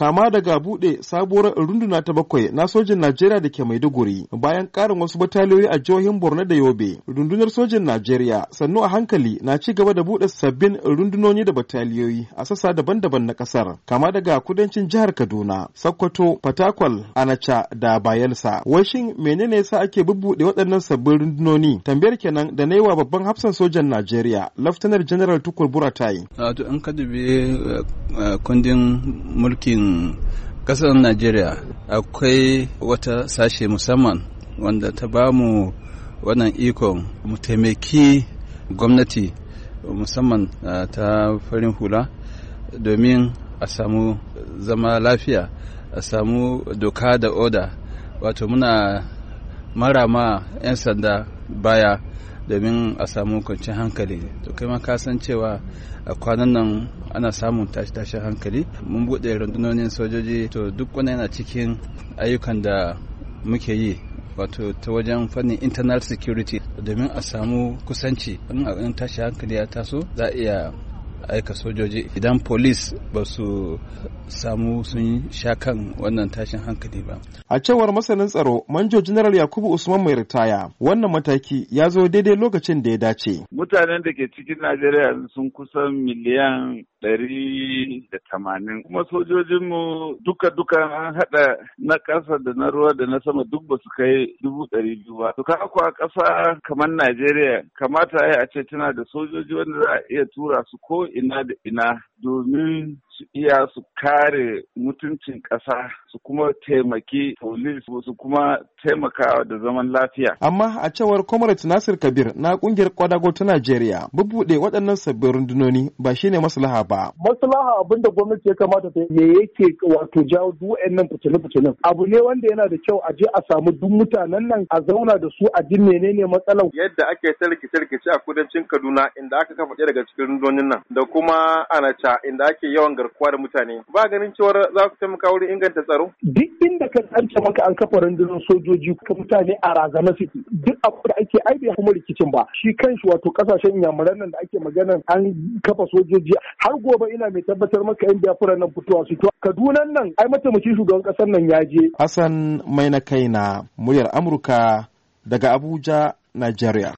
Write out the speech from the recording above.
kama daga buɗe sabuwar runduna ta bakwai na sojin Najeriya da ke Maiduguri bayan karin wasu bataliyoyi a jihohin Borno da Yobe. Rundunar sojin Najeriya sannu a hankali na ci gaba da buɗe sabbin rundunoni da bataliyoyi a sassa daban-daban na ƙasar kama daga kudancin jihar Kaduna, Sokoto, Fatakwal, Anacha da Bayelsa. Wai shin menene yasa ake bubuɗe waɗannan sabbin rundunoni? Tambayar kenan da na yi wa babban hafsan sojan Najeriya, Laftanar General Tukur Buratai. An eh, eh, kundin mulkin ƙasar najeriya akwai wata sashe musamman wanda ta ba mu wannan ikon mu taimaki gwamnati musamman ta farin hula domin a samu zama lafiya a samu doka da oda wato muna marama 'yan sanda baya domin a samu kwanciyar hankali to kai ma ka san cewa a kwanan nan ana samun tashi tashin hankali mun buɗe rundunonin sojoji to duk wani yana cikin ayyukan da muke yi wato ta wajen fannin internal security domin a samu kusanci in a tashi hankali ya taso za a iya aika sojoji idan polis ba su samu sun sha kan wannan tashin hankali ba. A cewar masanin tsaro manjo General Yakubu Usman mai ritaya wannan mataki ya zo daidai lokacin da ya dace. Mutanen da ke cikin Najeriya sun kusan miliyan ɗari da tamanin. Kuma sojojinmu duka-duka an haɗa na ƙasa da na ruwa da na sama duk ba su kai dubu ɗari biyu ba. To kaga kuwa ƙasa kamar Najeriya kamata ya a ce tana da sojoji wanda za a iya tura su ko ina da ina domin su iya su kare mutuncin ƙasa su kuma taimaki polis su kuma taimakawa da zaman lafiya. Amma a cewar Comrade Nasir Kabir na ƙungiyar Kwadago ta Najeriya bubbuɗe waɗannan sabbin rundunoni ba shine maslaha ba. Maslaha abinda gwamnati ya kamata ta me yake wato jawo duk nan fitinin-fitinin. Abu ne wanda yana da kyau a je a samu duk mutanen nan a zauna da su a jin menene matsalar. Yadda ake ta rikice a kudancin Kaduna inda aka kafa daga cikin rundunonin nan da kuma Anacha inda ake yawan garkuwa da mutane ba ganin cewar za su taimaka wurin inganta tsaro duk inda ka tsance maka an kafa rundunar sojoji ka mutane a razana suke duk abu da ake ai bai kuma rikicin ba shi kanshi wato kasashen yamuran nan da ake maganan an kafa sojoji har gobe ina mai tabbatar maka yan biafra nan fitowa su kaduna nan ai mataimakin shugaban kasar nan ya je hassan mai na kaina muryar amurka daga abuja nigeria